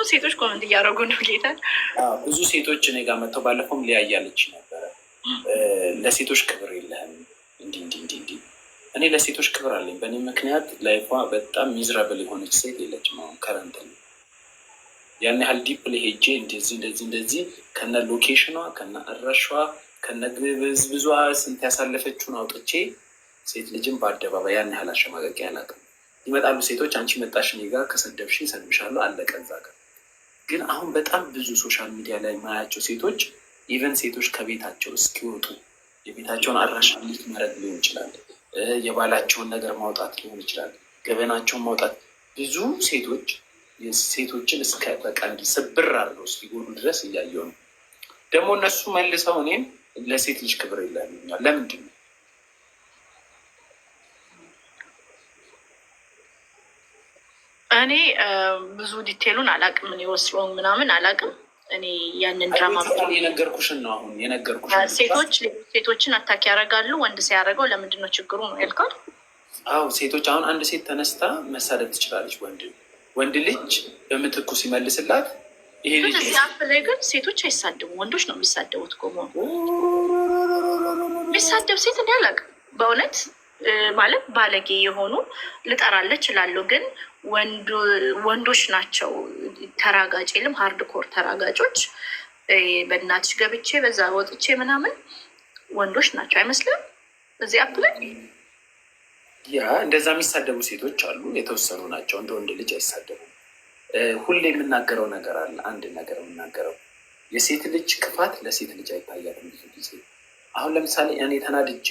ብዙ ሴቶች ኮመንት እያደረጉ ነው። ጌታ ብዙ ሴቶች እኔ ጋር መጥተው ባለፈውም ሊያያለች ነበረ። ለሴቶች ክብር የለህም እንዲህ እንዲህ እንዲህ። እኔ ለሴቶች ክብር አለኝ። በእኔ ምክንያት ላይፏ በጣም ሚዝራብል የሆነች ሴት የለችም። አሁን ከረንት ያን ያህል ዲፕ ሄጄ እንደዚህ እንደዚህ እንደዚህ ከነ ሎኬሽኗ ከነ አድራሿ ከነ ግብዝ ግብዝብዟ ስንት ያሳለፈችውን አውጥቼ ሴት ልጅም በአደባባይ ያን ያህል አሸማቀቂ አላውቅም። ይመጣሉ ሴቶች አንቺ መጣሽ እኔ ጋር ከሰደብሽ ሰድብሻለሁ አለቀ እዛ ጋር ግን አሁን በጣም ብዙ ሶሻል ሚዲያ ላይ ማያቸው ሴቶች ኢቨን ሴቶች ከቤታቸው እስኪወጡ የቤታቸውን አድራሻ ሊክ ማድረግ ሊሆን ይችላል፣ የባላቸውን ነገር ማውጣት ሊሆን ይችላል፣ ገበናቸውን ማውጣት ብዙ ሴቶች ሴቶችን እስከ በቀንድ ስብር አለው እስኪጎዱ ድረስ እያየው ነው። ደግሞ እነሱ መልሰው እኔም ለሴት ልጅ ክብር የለም ለምንድን ነው እኔ ብዙ ዲቴሉን አላቅም። እኔ ወስሮን ምናምን አላቅም። እኔ ያንን ድራማ የነገርኩሽን ነው አሁን የነገርኩሽ። ሴቶች ሴቶችን አታክ ያደርጋሉ፣ ወንድ ሲያደርገው ለምንድን ነው ችግሩ ነው ያልከው? አዎ ሴቶች አሁን አንድ ሴት ተነስታ መሳደብ ትችላለች፣ ወንድ ወንድ ልጅ በምትኩ ሲመልስላት ይሄ ልጅ ላይ ግን ሴቶች አይሳደቡ ወንዶች ነው የሚሳደቡት። ቆሞ የሚሳደብ ሴት እንዲያላቅ በእውነት ማለት ባለጌ የሆኑ ልጠራለች እላለሁ ግን ወንዶች ናቸው ተራጋጭ የለም ሀርድ ኮር ተራጋጮች። በእናትሽ ገብቼ በዛ ወጥቼ ምናምን ወንዶች ናቸው አይመስልም? እዚህ አፕ ያ እንደዛ የሚሳደቡ ሴቶች አሉ፣ የተወሰኑ ናቸው። እንደ ወንድ ልጅ አይሳደቡም። ሁሌ የምናገረው ነገር አለ። አንድ ነገር የምናገረው የሴት ልጅ ክፋት ለሴት ልጅ አይታያትም ብዙ ጊዜ። አሁን ለምሳሌ እኔ ተናድጄ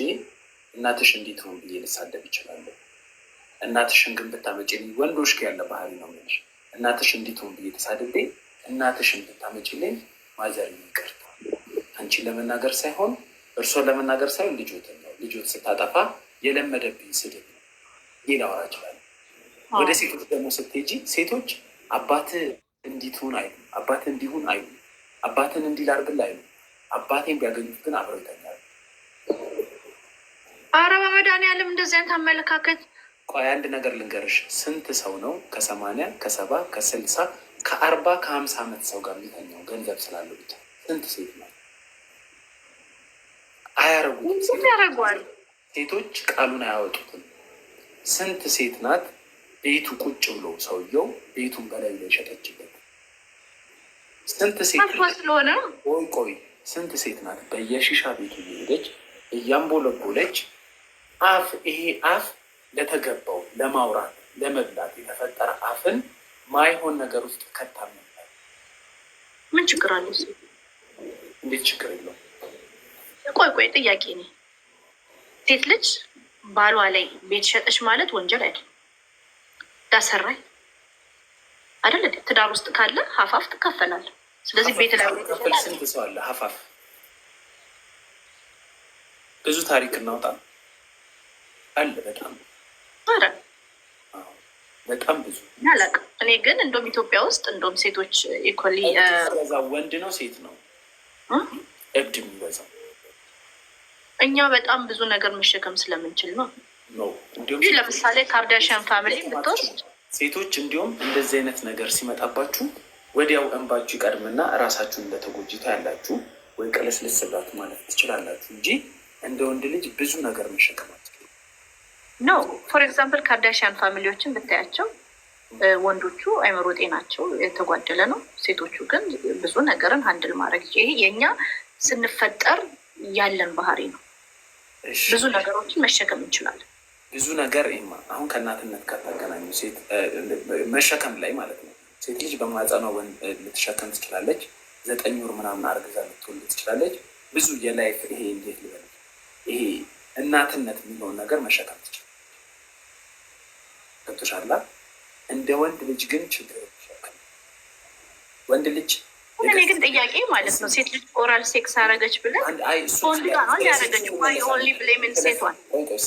እናትሽ እንዴት ነው ብዬ ልሳደብ ይችላለሁ እናትሽን ግን ብታመጪ ወንዶች ጋ ያለ ባህሪ ነው የምልሽ። እናትሽ እንዲትሆን ብዬ ተሳድቤ እናትሽን ብታመጪልኝ ማዘር ይቅርታ፣ አንቺን ለመናገር ሳይሆን እርሶን ለመናገር ሳይሆን ልጆት ነው። ልጆት ስታጠፋ የለመደብኝ ስድብ ነው። ሌላ ወራ እችላለሁ። ወደ ሴቶች ደግሞ ስትሄጂ ሴቶች አባት እንዲትሁን አይ አባት እንዲሁን አይ አባትን እንዲላርግል አይ አባቴን ቢያገኙት ግን አብረው ይተኛሉ። አረ በመድኃኒዓለም እንደዚህ አይነት አመለካከት ቆይ አንድ ነገር ልንገርሽ። ስንት ሰው ነው ከሰማንያ ከሰባ ከስልሳ ከአርባ ከሀምሳ ዓመት ሰው ጋር የሚተኛው ገንዘብ ስላለ ብቻ? ስንት ሴት ነው አያረጉም። ሴቶች ቃሉን አያወጡትም። ስንት ሴት ናት ቤቱ ቁጭ ብሎ ሰውየው ቤቱን በላይ ላይ ሸጠችበት? ስንት ሴት ስለሆነ ቆይ ቆይ ስንት ሴት ናት በየሺሻ ቤቱ እየሄደች እያምቦለቦለች አፍ ይሄ አፍ ለተገባው ለማውራት ለመብላት የተፈጠረ አፍን ማይሆን ነገር ውስጥ ከታም ምን ችግር አለ? እንዴት ችግር የለው። ቆይ ቆይ ጥያቄ ነ ሴት ልጅ ባሏ ላይ ቤት ሸጠች ማለት ወንጀል አይደል? ዳሰራይ አይደል? ትዳር ውስጥ ካለ ሀፋፍ ትካፈላል። ስለዚህ ቤት ላይ ስንት ሰው አለ ሀፋፍ? ብዙ ታሪክ እናውጣ አለ በጣም ነበረ በጣም ብዙ እኔ ግን ኢትዮጵያ ውስጥ ሴቶች ኢኮሊ ወንድ ነው ሴት ነው እብድ እኛ በጣም ብዙ ነገር መሸከም ስለምንችል ነው። ለምሳሌ ካርዳሽያን ፋሚሊ ብትወስድ ሴቶች እንዲሁም እንደዚህ አይነት ነገር ሲመጣባችሁ ወዲያው እንባችሁ ይቀድምና ያላችሁ ወይ ማለት ትችላላችሁ እንጂ እንደ ወንድ ልጅ ብዙ ነገር መሸከም ኖ ፎር ኤግዛምፕል ካርዳሽያን ፋሚሊዎችን ብታያቸው ወንዶቹ አይምሮ ጤናቸው የተጓደለ ነው። ሴቶቹ ግን ብዙ ነገርን ሀንድል ማድረግ ይሄ የእኛ ስንፈጠር ያለን ባህሪ ነው። ብዙ ነገሮችን መሸከም እንችላለን። ብዙ ነገር ይማ አሁን ከእናትነት ካታገናኙ ሴት መሸከም ላይ ማለት ነው። ሴት ልጅ በማህፀኗ ልትሸከም ትችላለች። ዘጠኝ ወር ምናምን አርግዛ ልትወልድ ትችላለች። ብዙ የላይፍ ይሄ እንዴት ልበል ይሄ እናትነት የሚለውን ነገር መሸከም ትችላለች። ገብቶሻላ። እንደ ወንድ ልጅ ግን ችግር ወንድ ልጅ እኔ ግን ጥያቄ ማለት ነው ሴት ልጅ ኦራል ሴክስ አረገች ብለን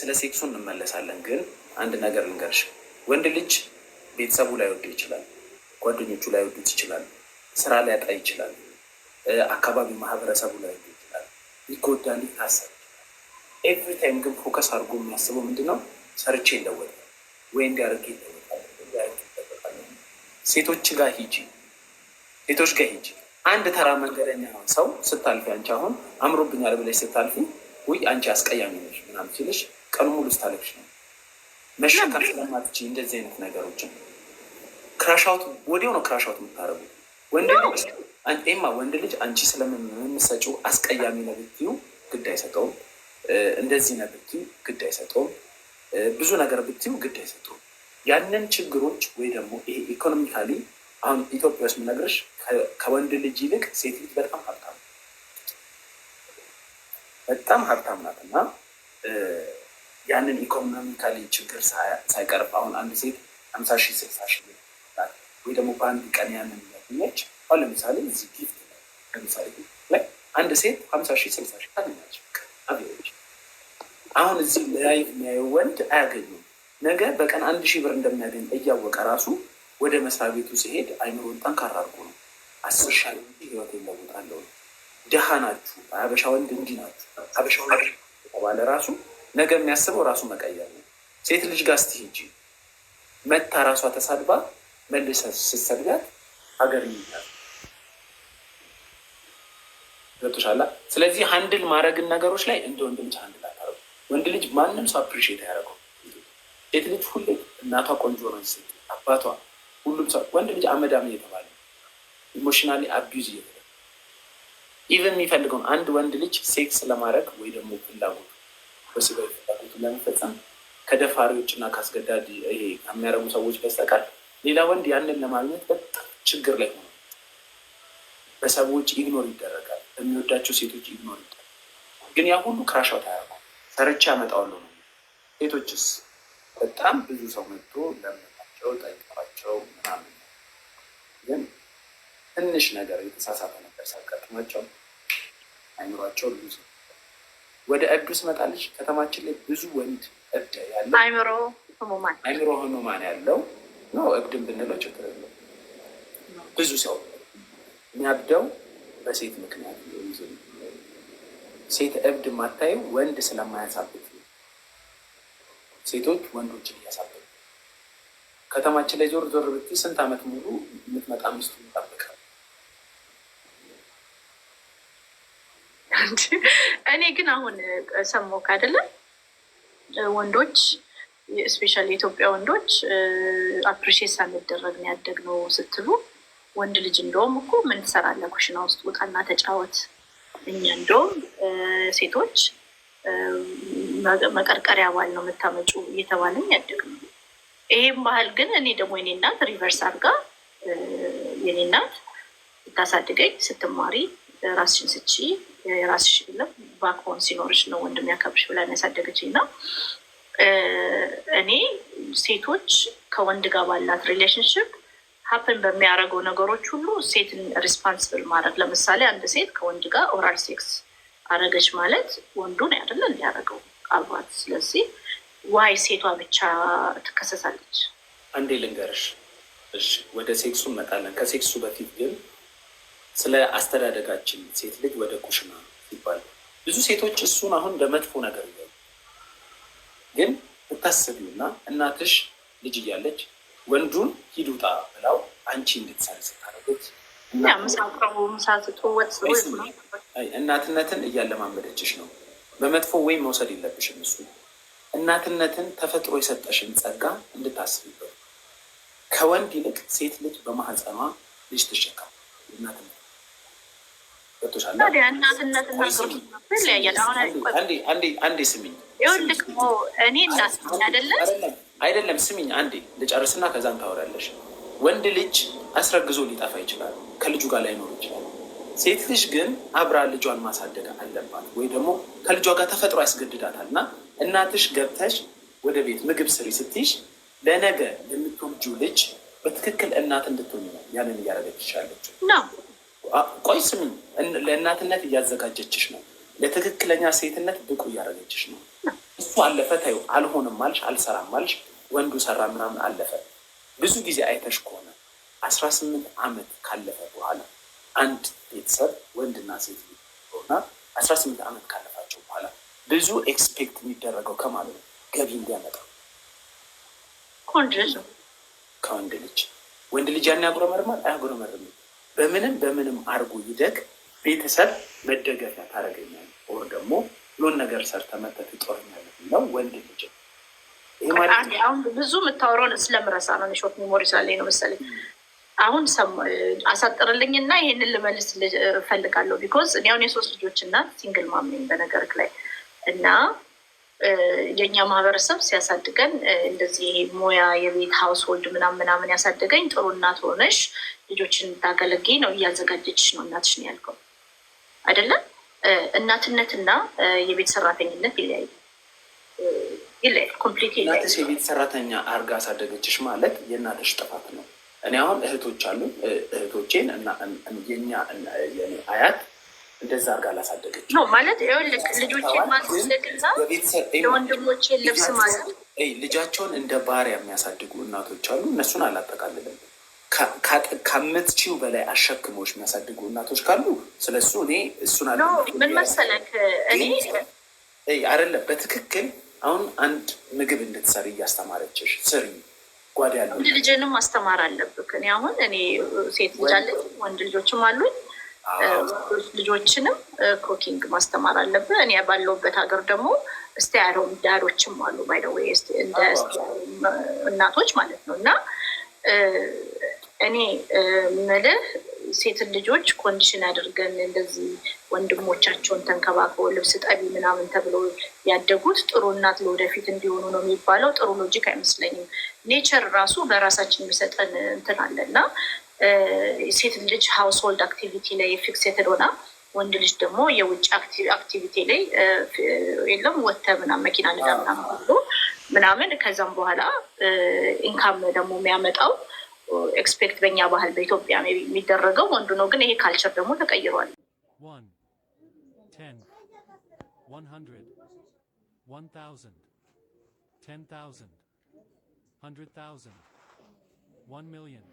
ስለ ሴክሱ እንመለሳለን። ግን አንድ ነገር ልንገርሽ፣ ወንድ ልጅ ቤተሰቡ ላይወድ ይችላል፣ ጓደኞቹ ላይወዱት ይችላል፣ ስራ ሊያጣ ይችላል፣ አካባቢ ማህበረሰቡ ላይወድ ይችላል፣ ሊጎዳ ሊታሰብ ይችላል። ኤቭሪ ታይም ግን ፎከስ አድርጎ የሚያስበው ምንድን ነው ሰርቼ ይለወጣል ወይ እንዲያደርግ ሴቶች ጋር ሂጂ፣ ሴቶች ጋር ሂጂ። አንድ ተራ መንገደኛ ሰው ስታልፊ አንቺ አሁን አምሮብኛል ብለሽ ስታልፊ ውይ አንቺ አስቀያሚ ነሽ ምናምን ሲልሽ ቀኑ ሙሉ ስታለቅሽ ነው። መሸከም ስለማትች እንደዚህ አይነት ነገሮችን ክራሻውት ወዲያው ነው ክራሻውት የምታደረጉ ወንድማ ወንድ ልጅ አንቺ ስለምንሰጪው አስቀያሚ ነው ብትይው ግድ አይሰጠውም። እንደዚህ ነው ብትይው ግድ አይሰጠውም። ብዙ ነገር ብትዩ ግድ አይሰጡ ያንን ችግሮች ወይ ደግሞ ይሄ ኢኮኖሚካሊ አሁን ኢትዮጵያ ውስጥ ምነግርሽ ከወንድ ልጅ ይልቅ ሴት ልጅ በጣም ሀብታም በጣም ሀብታም ናት እና ያንን ኢኮኖሚካሊ ችግር ሳይቀርብ አሁን አንድ ሴት አምሳ ሺህ ስልሳ ሺህ ወይ ደግሞ በአንድ ቀን ያንን ያገኘች አሁን ለምሳሌ እዚህ ጊፍት ለምሳሌ ላይ አንድ ሴት ሀምሳ ሺህ ስልሳ ሺህ ታገኛቸው አሁን እዚህ ላይ የሚያየው ወንድ አያገኙም። ነገ በቀን አንድ ሺህ ብር እንደሚያገኝ እያወቀ ራሱ ወደ መስሪያ ቤቱ ሲሄድ አይምሮን ጠንካራ አድርጎ ነው አስር ሻ ህይወት ነው። ድሃ ናችሁ አበሻ ወንድ እንዲህ ናችሁ አበሻ ወንድ ተባለ ራሱ ነገ የሚያስበው ራሱ መቀየር ነው። ሴት ልጅ ጋር ስትሄጂ መታ ራሷ ተሳድባ መልሰ ስትሰድቢያት ሀገር ይኛል ገብቶሻላ። ስለዚህ ሀንድል ማድረግን ነገሮች ላይ እንደ ወንድ ንድ ወንድ ልጅ ማንም ሰው አፕሪሼት አያደርገው። ሴት ልጅ ሁሌ እናቷ ቆንጆ ነው ሴት አባቷ ሁሉም ሰው ወንድ ልጅ አመዳም እየተባለ ኢሞሽናሊ አቢዩዝ እየተባለ ኢቨን የሚፈልገውን አንድ ወንድ ልጅ ሴክስ ለማድረግ ወይ ደግሞ ፍላጎት በስጋዊ ፍላጎቱ ለመፈጸም ከደፋሪዎች እና ከአስገዳድ ይሄ ሰዎች በስተቀር ሌላ ወንድ ያንን ለማግኘት በጣም ችግር ላይ ሆነ። በሰዎች ኢግኖር ይደረጋል፣ በሚወዳቸው ሴቶች ኢግኖር ይደረጋል። ግን ያ ሁሉ ክራሻው ታያ ሰርቼ አመጣዋለሁ። ሴቶችስ በጣም ብዙ ሰው መጥቶ ለምናቸው ጠይቋቸው ምናምን፣ ግን ትንሽ ነገር የተሳሳተ ነገር ሳጋጥማቸው አይምሯቸው ብዙ ወደ እዱ ስመጣለች። ከተማችን ላይ ብዙ ወንድ እብድ ያለው አይምሮ ህሙማን ያለው ነው። እብድን ብንለው ችግር የለው። ብዙ ሰው የሚያብደው በሴት ምክንያት ነው። ሴት እብድ ማታየው ወንድ ስለማያሳብት ሴቶች ወንዶችን እያሳብቅ ከተማችን ላይ ዞር ዞር ብትይ ስንት ዓመት ሙሉ የምትመጣ ሚስቱ ይጠብቃል። እኔ ግን አሁን ሰሞክ አይደለም ወንዶች ስፔሻሊ የኢትዮጵያ ወንዶች አፕሪሼት ሳንደረግ ነው ያደግነው ስትሉ ወንድ ልጅ እንደውም እኮ ምን ትሰራለህ ኩሽና ውስጥ ውጣና ተጫወት እኛ እንደውም ሴቶች መቀርቀሪያ ባል ነው የምታመጩ እየተባለን ያደግ ነው። ይህም ባህል ግን እኔ ደግሞ የኔ እናት ሪቨርስ አድርጋ የኔ እናት ስታሳድገኝ ስትማሪ ራስሽን ስቺ የራስሽ ለም ባክቦን ሲኖርሽ ነው ወንድም ያከብርሽ ብላ ያሳደገች እና እኔ ሴቶች ከወንድ ጋር ባላት ሪሌሽንሽፕ ሀፕን በሚያደርገው ነገሮች ሁሉ ሴትን ሪስፓንስብል ማድረግ ለምሳሌ አንድ ሴት ከወንድ ጋር ኦራል ሴክስ አረገች ማለት ወንዱን ያደለ እንዲያደረገው አልባት። ስለዚህ ዋይ ሴቷ ብቻ ትከሰሳለች? አንዴ ልንገርሽ፣ እሺ፣ ወደ ሴክሱ እንመጣለን። ከሴክሱ በፊት ግን ስለ አስተዳደጋችን ሴት ልጅ ወደ ኩሽና ይባል ብዙ ሴቶች እሱን አሁን በመጥፎ ነገር ግን ብታስቢውና እናትሽ ልጅ እያለች ወንዱን ሂዱጣ ውጣ ብላው አንቺ እንድትሰሪ ስታደርገች እናትነትን እያለማመደችሽ ነው። በመጥፎ ወይም መውሰድ የለብሽም። እሱ እናትነትን ተፈጥሮ የሰጠሽን ጸጋ እንድታስብበት ከወንድ ይልቅ ሴት ልጅ በማህፀኗ ልጅ ትሸከም እናትነት እናትነት አንዴ ስሚኝ። ይኸውልህ እኔ እናት አደለም አይደለም ስሚኝ አንዴ ልጨርስና ከዛን ታወራለሽ። ወንድ ልጅ አስረግዞ ሊጠፋ ይችላል፣ ከልጁ ጋር ላይኖር ይችላል። ሴት ልጅ ግን አብራ ልጇን ማሳደግ አለባት፣ ወይ ደግሞ ከልጇ ጋር ተፈጥሮ ያስገድዳታል። እና እናትሽ ገብተሽ ወደ ቤት ምግብ ስሪ ስትይሽ ለነገ ለምትወልጁ ልጅ በትክክል እናት እንድትሆን ያንን እያደረገችሽ ያለችው። ቆይ ስሚ፣ ለእናትነት እያዘጋጀችሽ ነው፣ ለትክክለኛ ሴትነት ብቁ እያደረገችሽ ነው። እሱ አለፈ፣ ታዩ አልሆንም አልሽ፣ አልሰራም አልሽ ወንዱ ሰራ ምናምን አለፈ። ብዙ ጊዜ አይተሽ ከሆነ አስራ ስምንት ዓመት ካለፈ በኋላ አንድ ቤተሰብ ወንድና ሴት ሆና አስራ ስምንት ዓመት ካለፋቸው በኋላ ብዙ ኤክስፔክት የሚደረገው ከማለት ነው ገቢ እንዲያመጣ ከወንድ ልጅ ወንድ ልጅ ያን ያጉረመርማል አያጉረመርም። በምንም በምንም አርጎ ይደግ ቤተሰብ መደገፊያ ታደረገኛል። ኦር ደግሞ ሎን ነገር ሰርተህ መተህ ትጦረኛለህ ነው ወንድ ልጅ አሁን ብዙ የምታወራውን ስለምረሳ ነው። ሾርት ሜሞሪ ስላለኝ ነው መሰለኝ። አሁን አሳጥርልኝ እና ይሄንን ልመልስ እፈልጋለሁ። ቢኮዝ እኔ አሁን የሶስት ልጆች እና ሲንግል ማም ነኝ በነገርክ ላይ እና የእኛ ማህበረሰብ ሲያሳድገን እንደዚህ ሙያ የቤት ሀውስሆልድ ምናምን ምናምን ያሳደገኝ ጥሩ እናት ሆነሽ ልጆችን እንታገለጌ ነው እያዘጋጀች ነው እናትሽ ነው ያልከው አይደለም። እናትነትና የቤት ሰራተኝነት ይለያዩ። እናትሽ የቤት ሰራተኛ አርጋ አሳደገችሽ ማለት የእናትሽ ጥፋት ነው። እኔ አሁን እህቶች አሉ። እህቶቼን እና የኛ አያት እንደዛ አርጋ አላሳደገች ማለት ልብስ ማለት ልጃቸውን እንደ ባሪያ የሚያሳድጉ እናቶች አሉ። እነሱን አላጠቃልልም። ከምትችው በላይ አሸክሞች የሚያሳድጉ እናቶች ካሉ ስለሱ እኔ እሱን ምን መሰለህ እኔ አይደለም በትክክል አሁን አንድ ምግብ እንድትሰሪ እያስተማረችሽ ስሪ ጓዳ ያለ ወንድ ልጅንም ማስተማር አለብክ። እኔ አሁን እኔ ሴት ልጅ አለኝ፣ ወንድ ልጆችም አሉኝ። ልጆችንም ኮኪንግ ማስተማር አለብህ። እኔ ባለውበት ሀገር ደግሞ እስቲ ስቴያሮም ዳሮችም አሉ ባይደወይ እንደ እናቶች ማለት ነው እና እኔ ምልህ ሴት ልጆች ኮንዲሽን አድርገን እንደዚህ ወንድሞቻቸውን ተንከባክበው ልብስ ጠቢ ምናምን ተብለው ያደጉት ጥሩ እናት ለወደፊት እንዲሆኑ ነው የሚባለው። ጥሩ ሎጂክ አይመስለኝም። ኔቸር ራሱ በራሳችን የሚሰጠን እንትን አለ እና ሴት ልጅ ሃውስሆልድ አክቲቪቲ ላይ ፊክሴትድ ሆና ወንድ ልጅ ደግሞ የውጭ አክቲቪቲ ላይ የለም ወተ ምናምን መኪና ንዳ ምናምን ምናምን ከዛም በኋላ ኢንካም ደግሞ የሚያመጣው ኤክስፔክት በእኛ ባህል በኢትዮጵያ የሚደረገው ወንዱ ነው። ግን ይሄ ካልቸር ደግሞ ተቀይሯል። ሚሊዮን